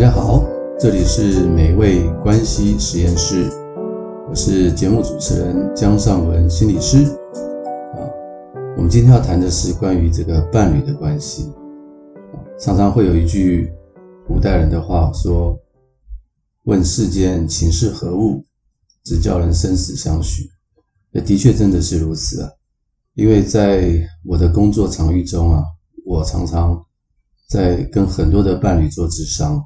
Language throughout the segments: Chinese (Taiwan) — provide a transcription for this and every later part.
大家好，這裡是美味關係實驗室，我是節目主持人姜尚文心理師啊。我們今天要談的是關於這個伴侶的關係。常常會有一句古代人的話說：“問世間情是何物，直教人生死相許。”的確真的是如此啊。因為在我的工作場域中啊，我常常在跟很多的伴侶做諮商。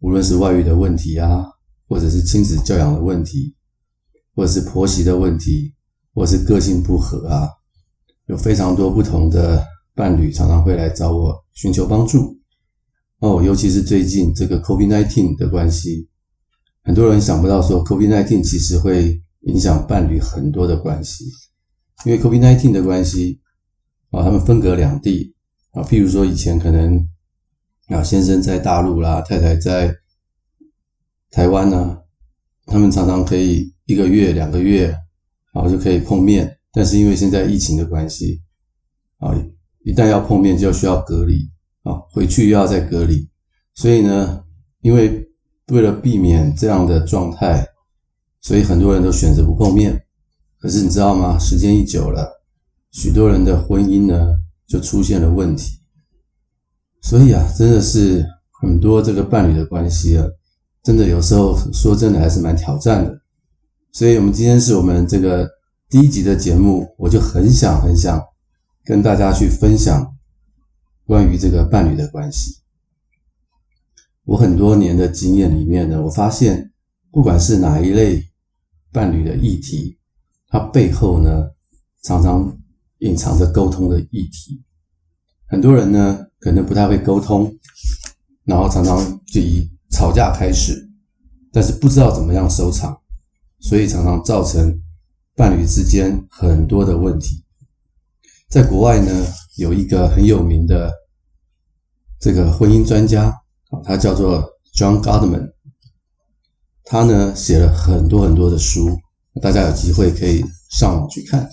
無論是外遇的問題啊，或者是親子教養的問題，或者是婆媳的問題，或者是個性不合啊，有非常多不同的伴侶常常會來找我尋求幫助。哦，尤其是最近這個 COVID-19 的關係，很多人想不到說 COVID-19 其實會影響伴侶很多的關係，因為 COVID-19 的關係啊，哦，他們分隔兩地啊，譬如說以前可能。啊，先生在大陸啦，啊，太太在台灣呢，啊。他們常常可以一個月、兩個月，然後就可以碰面，但是因為現在疫情的關係啊，一旦要碰面就需要隔離啊，回去又要再隔離。所以呢，因為為了避免這樣的狀態，所以很多人都選擇不碰面。可是你知道嗎？時間一久了，許多人的婚姻呢就出現了問題。所以啊，真的是很多這個伴侶的關係啊，真的有時候說真的還是蠻挑戰的。所以我們今天是我們這個第一集的節目，我就很想很想跟大家去分享關於這個伴侶的關係。我很多年的經驗裡面呢，我發現不管是哪一類伴侶的議題，它背後呢常常隱藏着溝通的議題。很多人呢可能不太會溝通，然後常常就以吵架開始，但是不知道怎麼樣收場，所以常常造成伴侶之間很多的問題。在國外呢，有一個很有名的這個婚姻專家，他叫做 John Gottman，他呢寫了很多很多的書，大家有機會可以上網去看。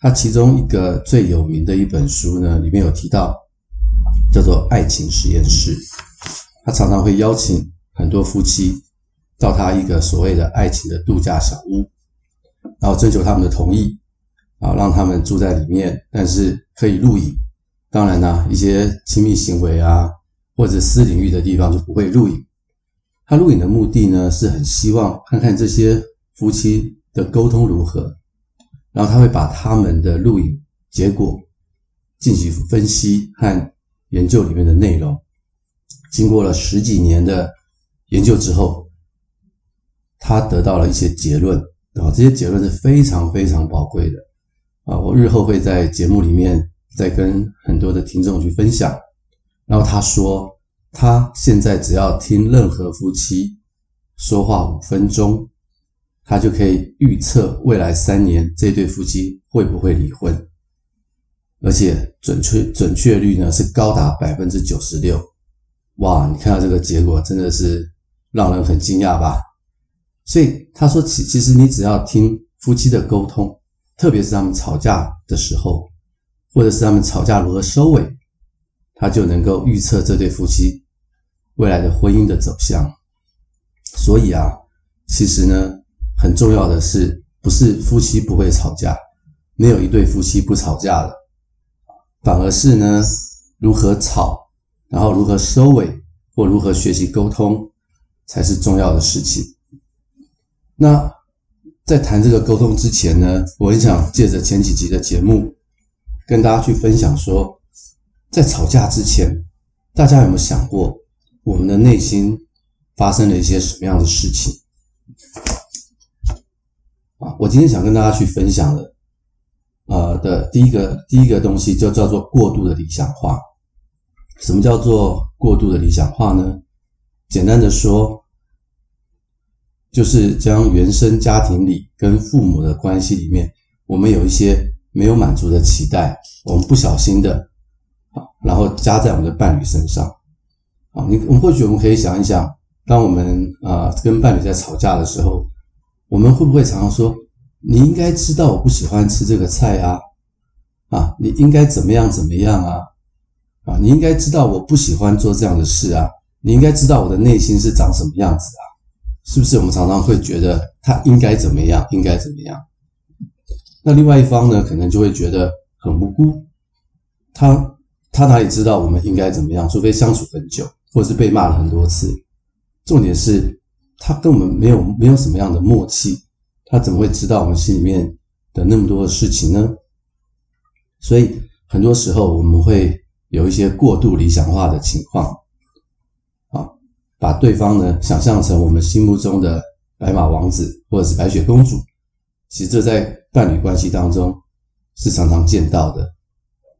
他其中一個最有名的一本書呢，裡面有提到叫做《愛情實驗室》，他常常會邀請很多夫妻到他一個所謂的愛情的度假小屋，然後徵求他們的同意，啊，讓他們住在裡面，但是可以錄影。當然呢，一些親密行為啊，或者私領域的地方就不會錄影。他錄影的目的呢，是很希望看看這些夫妻的溝通如何。然後他會把他們的錄影結果進行分析和研究裡面的內容，經過了十幾年的研究之後，他得到了一些結論啊，這些結論是非常非常寶貴的啊，我日後會在節目裡面再跟很多的聽眾去分享。然後他說，他現在只要聽任何夫妻說話五分鐘。他就可以預測未來三年這對夫妻會不會離婚，而且準確準確率呢是高達百分之九十六。哇！你看到這個結果真的是讓人很驚訝吧？所以他說，其其實你只要聽夫妻的溝通，特別是他們吵架的時候，或者是他們吵架如何收尾，他就能夠預測這對夫妻未來的婚姻的走向。所以啊，其實呢。很重要的是，不是夫妻不會吵架，沒有一對夫妻不吵架的，反而是呢，如何吵，然後如何收尾，或如何學習溝通，才是重要的事情。那在談這個溝通之前呢，我很想借着前幾集的節目，跟大家去分享說，在吵架之前，大家有沒有想過，我們的內心發生了一些什麼樣的事情？啊，我今天想跟大家去分享的，呃，的第一個第一個東西就叫做過度的理想化。什麼叫做過度的理想化呢？簡單的說，就是將原生家庭裡跟父母的關係裡面，我們有一些沒有滿足的期待，我們不小心的啊，然後加在我們的伴侶身上啊。你我們或許我們可以想一想，當我們啊，呃，跟伴侶在吵架的時候。我們會不會常常說，你應該知道我不喜歡吃這個菜啊，啊，你應該怎麼樣怎麼樣啊，啊，你應該知道我不喜歡做這樣的事啊，你應該知道我的內心是長什麼樣子啊？是不是？我們常常會覺得他應該怎麼樣，應該怎麼樣。那另外一方呢，可能就會覺得很無辜，他他哪裡知道我們應該怎麼樣？除非相處很久，或是被罵了很多次。重點是。他跟我們沒有沒有什麼樣的默契，他怎麼會知道我們心裡面的那麼多的事情呢？所以很多時候我們會有一些過度理想化的情況，啊，把對方呢想象成我們心目中的白馬王子或者是白雪公主，其實這在伴侶關係當中是常常見到的，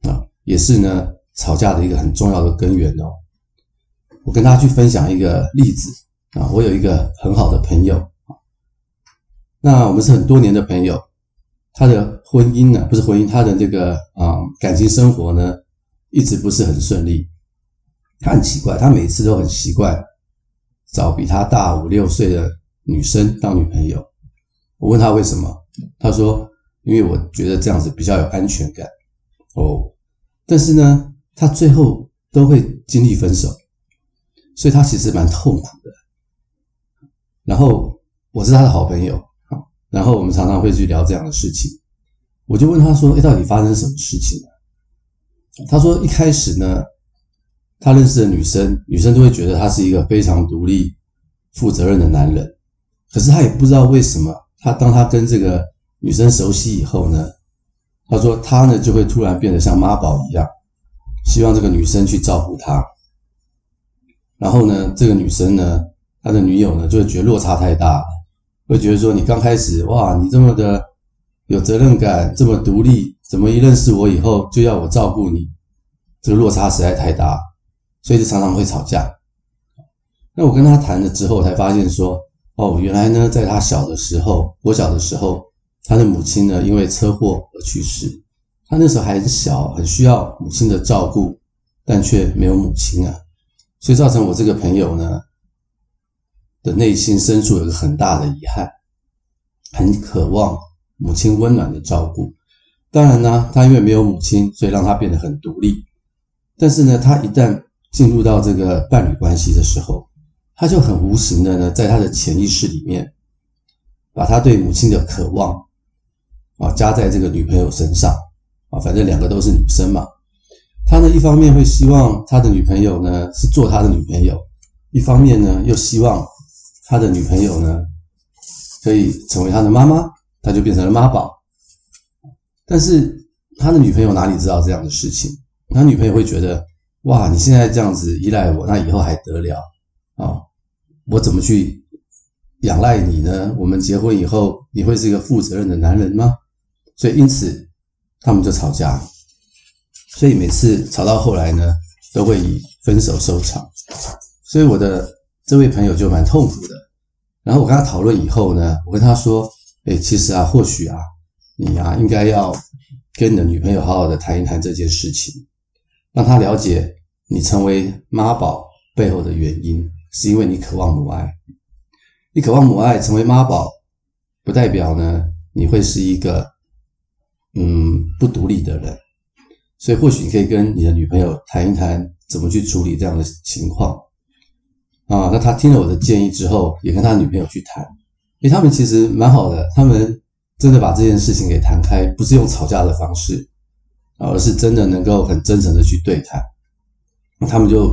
啊，也是呢，吵架的一個很重要的根源哦。我跟大家去分享一個例子。啊，我有一個很好的朋友，那我們是很多年的朋友。他的婚姻呢，不是婚姻，他的這個啊、嗯、感情生活呢，一直不是很順利。他很奇怪，他每次都很奇怪，找比他大五六歲的女生當女朋友。我問他為什麼，他說因為我覺得這樣子比較有安全感。哦，但是呢，他最後都會經歷分手，所以他其實蠻痛苦。然後我是他的好朋友，然後我們常常會去聊這樣的事情。我就問他說：“誒，到底發生什麼事情了？”他說：“一開始呢，他認識的女生，女生都會覺得他是一個非常獨立、負責任的男人。可是他也不知道為什麼，他當他跟這個女生熟悉以後呢，他說他呢就會突然變得像媽寶一樣，希望這個女生去照顧他。然後呢，這個女生呢。”他的女友呢，就會覺得落差太大了，會覺得說你剛開始哇，你這麼的有責任感，這麼獨立，怎麼一認識我以後就要我照顧你？這個落差實在太大，所以就常常會吵架。那我跟他談了之後，我才發現說哦，原來呢，在他小的時候，我小的時候，他的母親呢因為車禍而去世，他那時候還很小，很需要母親的照顧，但卻沒有母親啊，所以造成我這個朋友呢。的內心深處有一個很大的遺憾，很渴望母親溫暖的照顧。當然呢，他因為沒有母親，所以讓他變得很獨立。但是呢，他一旦進入到這個伴侶關係的時候，他就很無形的呢，在他的潛意識裡面，把他對母親的渴望啊加在這個女朋友身上啊。反正兩個都是女生嘛，他呢一方面會希望他的女朋友呢是做他的女朋友，一方面呢又希望。他的女朋友呢，可以成為他的媽媽，他就變成了媽寶。但是他的女朋友哪裡知道這樣的事情？他女朋友會覺得，哇，你現在這樣子依賴我，那以後還得了啊、哦？我怎麼去仰賴你呢？我們結婚以後，你會是一個負責任的男人嗎？所以，因此他們就吵架。所以每次吵到後來呢，都會以分手收場。所以我的這位朋友就蠻痛苦的。然後我跟他討論以後呢，我跟他說：“哎、欸，其實啊，或許啊，你啊，應該要跟你的女朋友好好的談一談這件事情，讓她了解你成為媽寶背後的原因，是因為你渴望母愛，你渴望母愛成為媽寶，不代表呢你會是一個嗯不獨立的人，所以或許你可以跟你的女朋友談一談怎麼去處理這樣的情況。”啊，那他聽了我的建議之後，也跟他女朋友去談，因為他們其實蠻好的，他們真的把這件事情給談開，不是用吵架的方式，而是真的能夠很真誠的去對談。那他們就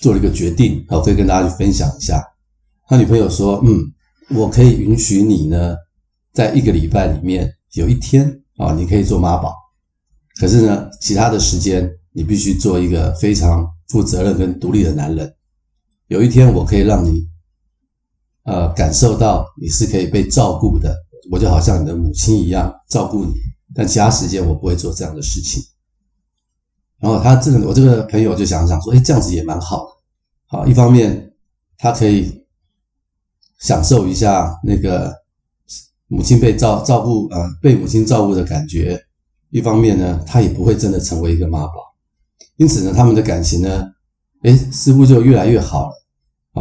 做了一個決定，啊，我可以跟大家去分享一下。他女朋友說，嗯，我可以允許你呢，在一個禮拜裡面有一天啊，你可以做媽寶，可是呢，其他的時間你必須做一個非常負責任跟獨立的男人。有一天我可以讓你，呃，感受到你是可以被照顧的，我就好像你的母親一樣照顧你。但其他時間我不會做這樣的事情。然後他這個我這個朋友就想想說，哎，這樣子也蠻好的。好，一方面他可以享受一下那個母親被照照顧啊，呃，被母親照顧的感覺。一方面呢，他也不會真的成為一個媽寶。因此呢，他們的感情呢，哎，似乎就越來越好了。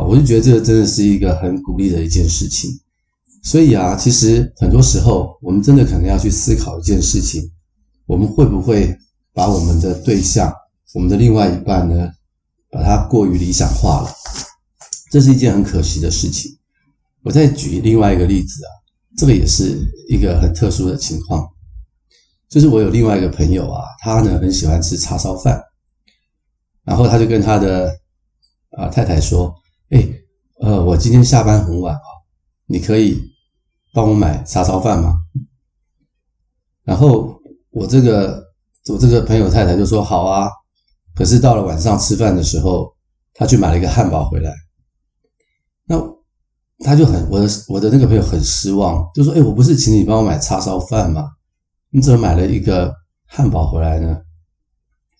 我就覺得這個真的是一個很鼓勵的一件事情，所以啊，其實很多時候我們真的可能要去思考一件事情：我們會不會把我們的對象、我們的另外一半呢，把他過於理想化了？這是一件很可惜的事情。我再舉另外一個例子啊，這個也是一個很特殊的情況，就是我有另外一個朋友啊，他呢很喜歡吃叉燒飯，然後他就跟他的啊太太說。哎，呃，我今天下班很晚哦，你可以幫我買叉燒飯嗎？然後我這個我這個朋友太太就說好啊，可是到了晚上吃飯的時候，他去買了一個漢堡回來，那他就很我的我的那個朋友很失望，就說，哎，我不是請你幫我買叉燒飯嗎？你怎麼買了一個漢堡回來呢？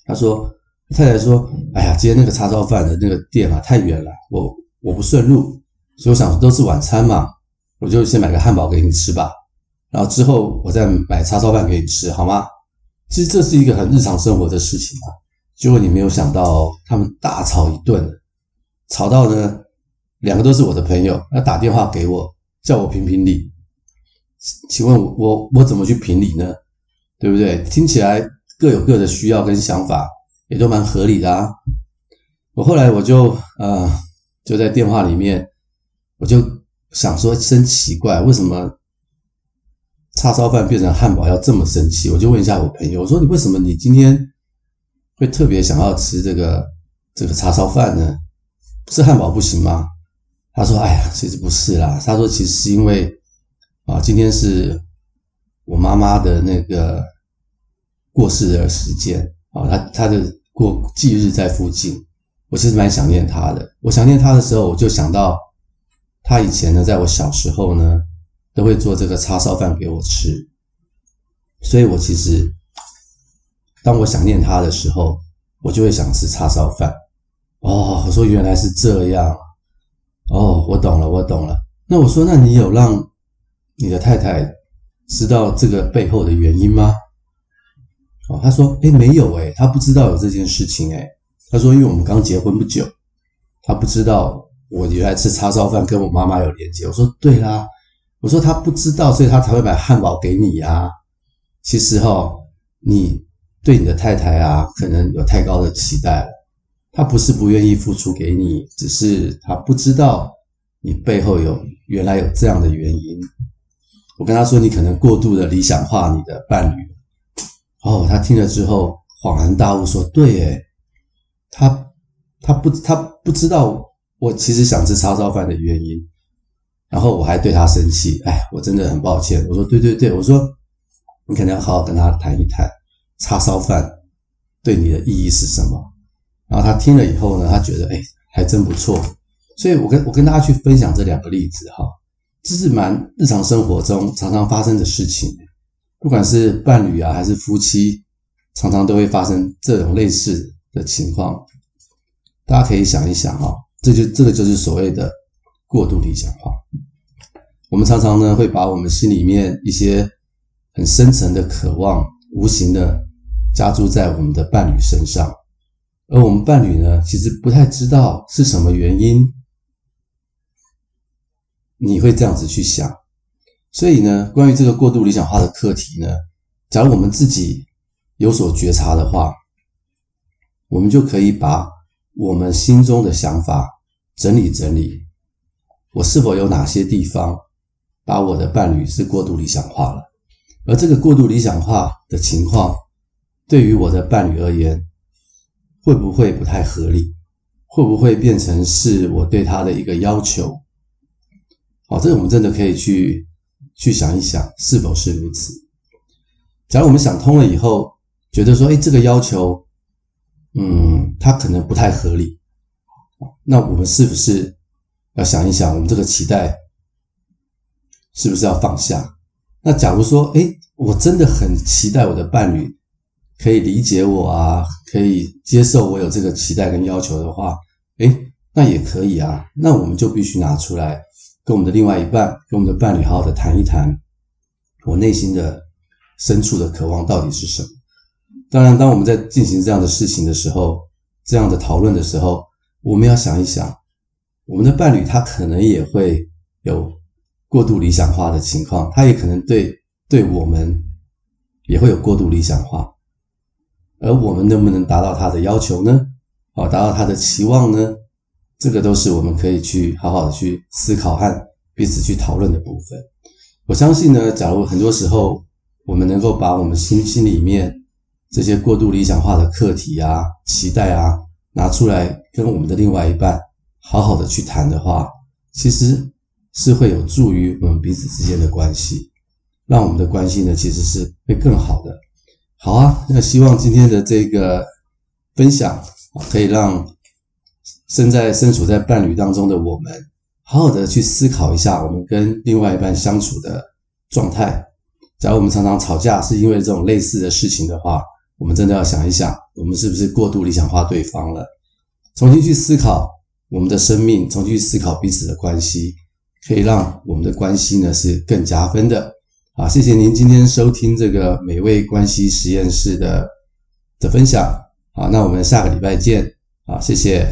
他說。太太說：“哎呀，今天那個叉燒飯的那個店啊，太遠了，我我不順路，所以我想說都是晚餐嘛，我就先買個漢堡給你吃吧，然後之後我再買叉燒飯給你吃，好嗎？”其實這是一個很日常生活的事情嘛，結果你沒有想到，他們大吵一頓，吵到呢，兩個都是我的朋友，要打電話給我，叫我評評理。請問我我，我怎麼去評理呢？對不對？聽起來各有各的需要跟想法。也都蠻合理的啊！我後來我就呃就在電話裡面，我就想說真奇怪，為什麼叉燒飯變成漢堡要這麼生氣？我就問一下我朋友，我說你為什麼你今天會特別想要吃這個這個叉燒飯呢？吃漢堡不行嗎？他說：“哎呀，其實不是啦。”他說：“其實是因為啊，今天是我媽媽的那個過世的時間啊，他他的。”過忌日在附近，我其實蠻想念他的。我想念他的時候，我就想到他以前呢，在我小時候呢，都會做這個叉燒飯給我吃。所以我其實，當我想念他的時候，我就會想吃叉燒飯。哦，我說原來是這樣，哦，我懂了，我懂了。那我說，那你有讓你的太太知道這個背後的原因嗎？哦，他說：“欸，沒有欸，他不知道有這件事情欸。他說：“因為我們剛結婚不久，他不知道我原來吃叉燒飯跟我媽媽有連結。”我說：“對啦，我說他不知道，所以他才會買漢堡給你啊。其實哈，你對你的太太啊，可能有太高的期待了。他不是不願意付出給你，只是他不知道你背後有原來有這樣的原因。我跟他說，你可能過度的理想化你的伴侶。”哦，他聽了之後恍然大悟，說：“對誒，他他不他不知道我其實想吃叉燒飯的原因。”然後我還對他生氣，哎，我真的很抱歉。我說：“對對對，我說你可能要好好跟他談一談，叉燒飯對你的意義是什麼？”然後他聽了以後呢，他覺得：“哎，還真不錯。”所以，我跟我跟大家去分享這兩個例子，哈，這是蠻日常生活中常常發生的事情。不管是伴侶啊，還是夫妻，常常都會發生這種類似的情況。大家可以想一想哦，這就這個就是所謂的過度理想化。我們常常呢，會把我們心裡面一些很深層的渴望，無形的加諸在我們的伴侶身上，而我們伴侶呢，其實不太知道是什麼原因。你會這樣子去想？所以呢，關於這個過度理想化的課題呢，假如我們自己有所覺察的話，我們就可以把我們心中的想法整理整理。我是否有哪些地方把我的伴侶是過度理想化了？而這個過度理想化的情況，對於我的伴侶而言，會不會不太合理？會不會變成是我對他的一個要求？好，這個我們真的可以去。去想一想，是否是如此？假如我們想通了以後，覺得說，哎，這個要求，嗯，它可能不太合理，那我們是不是要想一想，我們這個期待是不是要放下？那假如說，哎，我真的很期待我的伴侶可以理解我啊，可以接受我有這個期待跟要求的話，哎，那也可以啊，那我們就必須拿出來。跟我們的另外一半，跟我們的伴侶好好的談一談，我內心的深處的渴望到底是什麼？當然，當我們在進行這樣的事情的時候，這樣的討論的時候，我們要想一想，我們的伴侶他可能也會有過度理想化的情況，他也可能對對我們也會有過度理想化，而我們能不能達到他的要求呢？好，啊，達到他的期望呢？這個都是我們可以去好好的去思考和彼此去討論的部分。我相信呢，假如很多時候我們能夠把我們心心裡面這些過度理想化的課題啊、期待啊拿出來，跟我們的另外一半好好的去談的話，其實是會有助於我們彼此之間的關係，讓我們的關係呢其實是會更好的。好啊，那希望今天的這個分享可以讓。身在身處在伴侶當中的我們，好好的去思考一下我們跟另外一半相處的狀態。假如我們常常吵架是因為這種類似的事情的話，我們真的要想一想，我們是不是過度理想化對方了？重新去思考我們的生命，重新去思考彼此的關係，可以讓我們的關係呢是更加分的啊！謝謝您今天收聽這個美味關係實驗室的的分享啊，那我們下個禮拜見啊！謝謝。